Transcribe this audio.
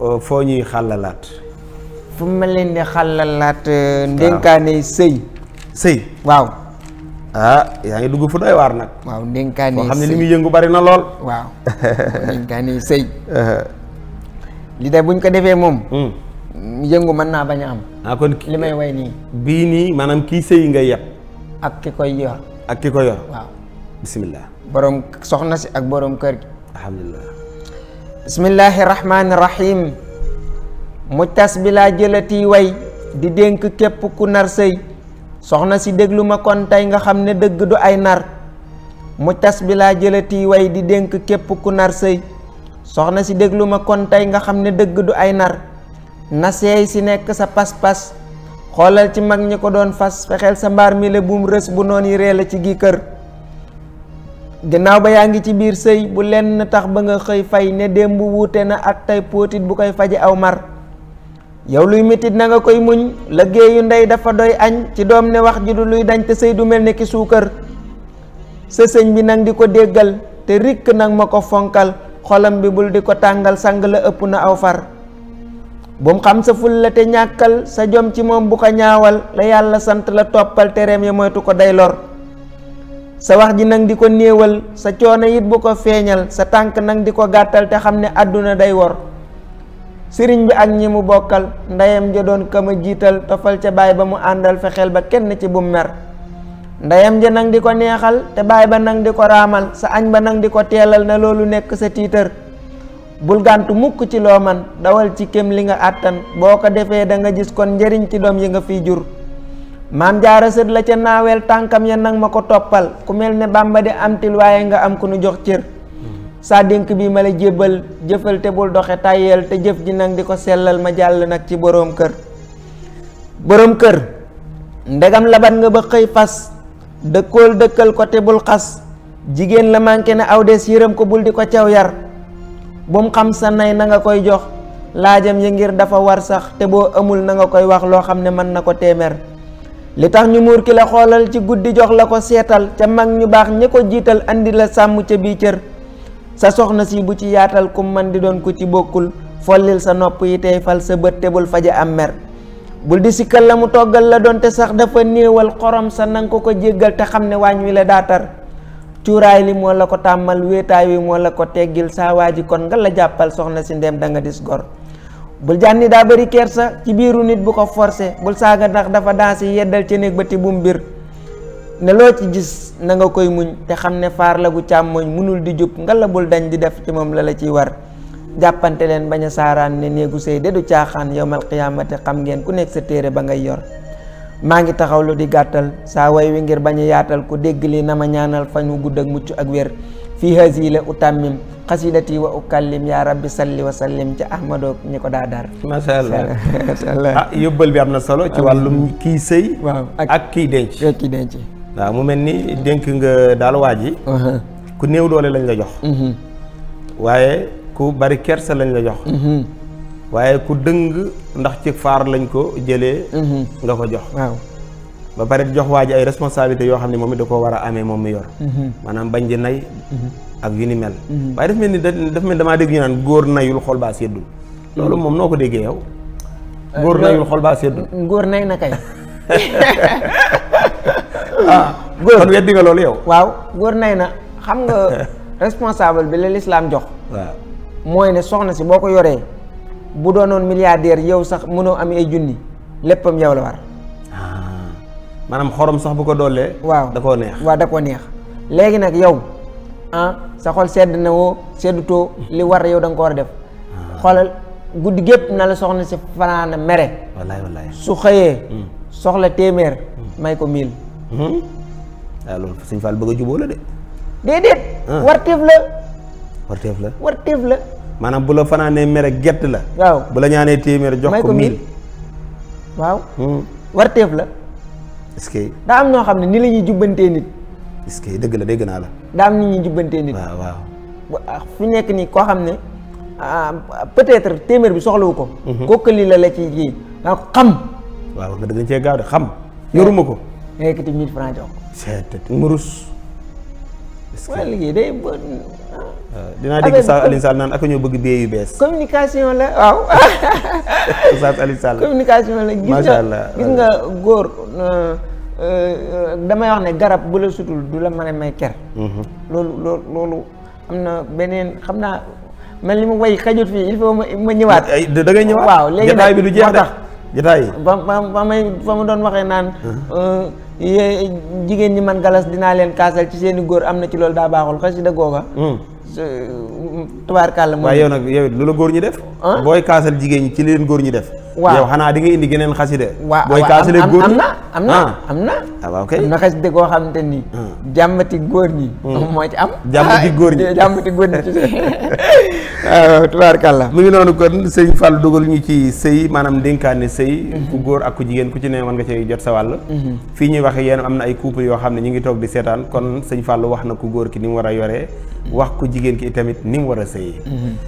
Euh, foo ñuy xàllalaat fu ma leen di xàllalaat euh, ndénkaane sëy sëy waaw ah yaa ngi dugg fu doy waar nag waaw ndénkaane sëy xam li muy yëngu bari na lool waaw ndénkaane sëy uh-huh. li day buñ ko defee moom hmm. yëngu mën naa bañ am ah kon li may way nii bii nii maanaam kii sëy nga yeb ak ki koy yor ak ki koy yor bismillah borom soxna si ak boroom kër gi alhamdulilah bismillahi rahmaani rahim mu tas bi laa jëlati way di dénk képp ku nar sëy soxna si déglu ma kon tey nga xam ne dëgg du ay nar mu tas bi laa jëlati way di dénk képp ku nar sëy soxna si déglu ma kon tey nga xam ne dëgg du ay nar na seey si nekk sa pas-pas xoolal ci mag ñi ko doon fas fexeel sa mbaar mi la buum rës bu noon yi ree la ci gi kër ginnaaw ba yaa ngi ci biir sëy bu lenn tax ba nga xëy fay ne démb wuute na ak tey póotit bu koy faje aw mar yow luy metit nanga koy muñ liggéeyu ndey dafa doy añ ci doom ne wax ji luy dañ te sëy du mel ne ki suukar sa sëñ bi nag di ko déggal te rikk nag ma ko fonkal xolam bi bul di ko tàngal sang la ëpp na aw far bum xam sa ful la te ñàkkal sa jom ci moom bu ko ñaawal la yàlla sant la toppal tereem yi moytu ko day lor sa wax ji nag di ko néewal sa coono it bu ko feeñal sa tànk nag di ko gàttal te xam ne àdduna day wor sëriñ bi ak ñi mu bokkal ndeyam ja doon kama jiital tofal ca baay ba mu àndal fexeel ba kenn ci bu mer ndeyam ja nag di ko neexal te baay ba nag di ko raamal sa añ ba nag di ko teelal na loolu nekk sa tiitar bul gànt mukk ci loo man dawal ci kem li nga àttan boo ko defee danga gis kon njëriñ ci doom yi nga fiy jur maam jaara sët la ca naaweel tànkam ya nag ma ko toppal ku mel ne bàmba di amtil waaye nga am ku nu jox cër saa dénk bi ma la jébbal jëfal te bul doxe tàyyeel te jëf ji nag di ko sellal ma jàll nag ci boroom kër boroom kër ndegam labat nga ba xëy fas dëkkool dëkkal ko te bul xas jigéen la manqué ne aw des yërëm ko bul di ko caw yar bu mu xam sa nay na nga koy jox laajam yi ngir dafa war sax te boo amul na nga koy wax loo xam ne mën na ko téeméer li tax ñu muur ki la xoolal ci guddi jox la ko seetal ca mag ñu baax ña ko jiital andi la sàmm ca bii cër sa soxna si bu ci yaatal ku man di doon ko ci bokkul follil sa nopp yi tey fal sa bët te bul faja am mer bul di sikkal la mu toggal la doonte sax dafa néewal xorom sa nang ko ko jéggal te xam ne waañ wi la daatar cuuraay li moo la ko tàmmal wéetaay wi moo la ko teggil saa waa ji kon nga la jàppal soxna si ndem danga nga dis gor bul jànni daa bëri kersa ci biiru nit bu ko forcé bul saaga ndax dafa daasi yeddal ci néeg ba ti bu mbir ne ci gis na nga koy muñ te xam ne faar la gu càmmoñ di jub nga la bul dañ di def ci moom la la ciy war jàppante leen bañ a saaraan ne néegu sëy de du caaxaan yowmal qiyaamate xam ngeen ku nekk sa téere ba ngay yor maa ngi taxaw lu di gàttal saa way wi ngir bañ a yaatal ku dégg li na ma ñaanal fan wu gudd ak mucc ak wér fii haasi la utammim xasidati wa ukallim yaa rabbi salli wa sallim ci ahmado ñi ko daa dar macha ah, yóbbal bi am na solo ci wàllum kii sëy waaw ak kii denc kii denc waaw mu mel ni dénk nga daal waa ji uh-huh. ku néew doole lañ la jox uh-huh. waaye ku bari kerse lañ la jox uh-huh. waaye ku dëng ndax ci faar lañ ko jëlee nga ko jox ba pare jox waa ji ay responsabilité yoo xam ne moom it da ko war a amee moom mi yor mhm. maanaam bañ di nay mhm. ak yu ni mel mhm. waaye daf mel ni daf mel damaa dégg ñu naan góor nayul xol baa seddul loolu moom noo ko déggee yow euh, góor nayul baa seddul góor nay na kay ah, góor yow waaw góor nay na xam nga responsable bi la lislaam jox waaw mooy ne soxna si boo ko yoree bu doon doonoon milliardaire yow sax mënoo amee ay junni léppam yow la war maanaam xorom sax bu ko doolee. waaw da koo neex koo neex. léegi nag yow ah sa xol sedd na woo seddutoo li war yow danga ko war a def. Ah. xoolal guddi gépp na la soxna si fanaan mere. su xëyee. Hmm. soxla téeméer. Hmm. may ko mil. waaw hmm? ah, loolu Sëñ Fall ah. maanaam bu la fanaanee mere gett la. téeméer jox ko la. est-ce que daa am ñoo xam ne ni la ñuy jubbantee nit. est-ce que dëgg la dégg naa la. daa am ni ñuy jubbantee nit. waaw waaw. fu nekk nii koo xam ne ah, peut-être téeméer bi soxlawu ko. Mhm. kooku lii la la ci ji daa xam. waaw nga dëgg dañ cee gaaw de xam. yoruma ko. nga yëkkati 1000 francs jox ko. c'est vrai nga rus. est-ce bon. Euh, dinaa dégg ah, Oustaz Alioune Sall naan ak ñoo bëgg bee yu bees. communication la waaw. Oustaz Alioune Sall. communication la gis nga gis góor. Euh, euh, damay wax ne garab bu la sutul du la mën a may ker. Mhm. loolu loolu am na beneen xam naa mel ni mu way xajut fii il faut ma ñëwaat. da ngay ñëwaat waaw léegi nag jotaay bi du jeex de jotaay yi. ba ba may fa ma doon waxee naan. Mhm. jigéen man galas dinaa leen kaasal ci seeni góor am na ci loolu daa baaxul xasida googa mhm. tubaarkàlla moom waaye yow nag yow it lu la góor ñi def ah? booy kaasal jigéen ñi ci li góor ñi def xanaa di nga indi geneen xaside waaw booy kaasalee góor ñi am na am na am na ah, ah waaw kay am na xaside ni ah. jàmmati góor ñi hmm. moo ci am jàmmati góor ñi jàmmati góor ñi mu ngi noonu kon sëñ Fall dugal ñu ci sëy maanaam dénkaane sëy ku hmm. góor ak ku jigéen ku ci ne mën nga jot sa wàll hmm. fii ñuy wax yéen am na ay couple yoo xam ne ñu ngi toog di seetaan kon sëñ Fall wax na ku góor ki ni war a yore wax ku jigéen ki tamit ni mu war a sëyee mm-hmm.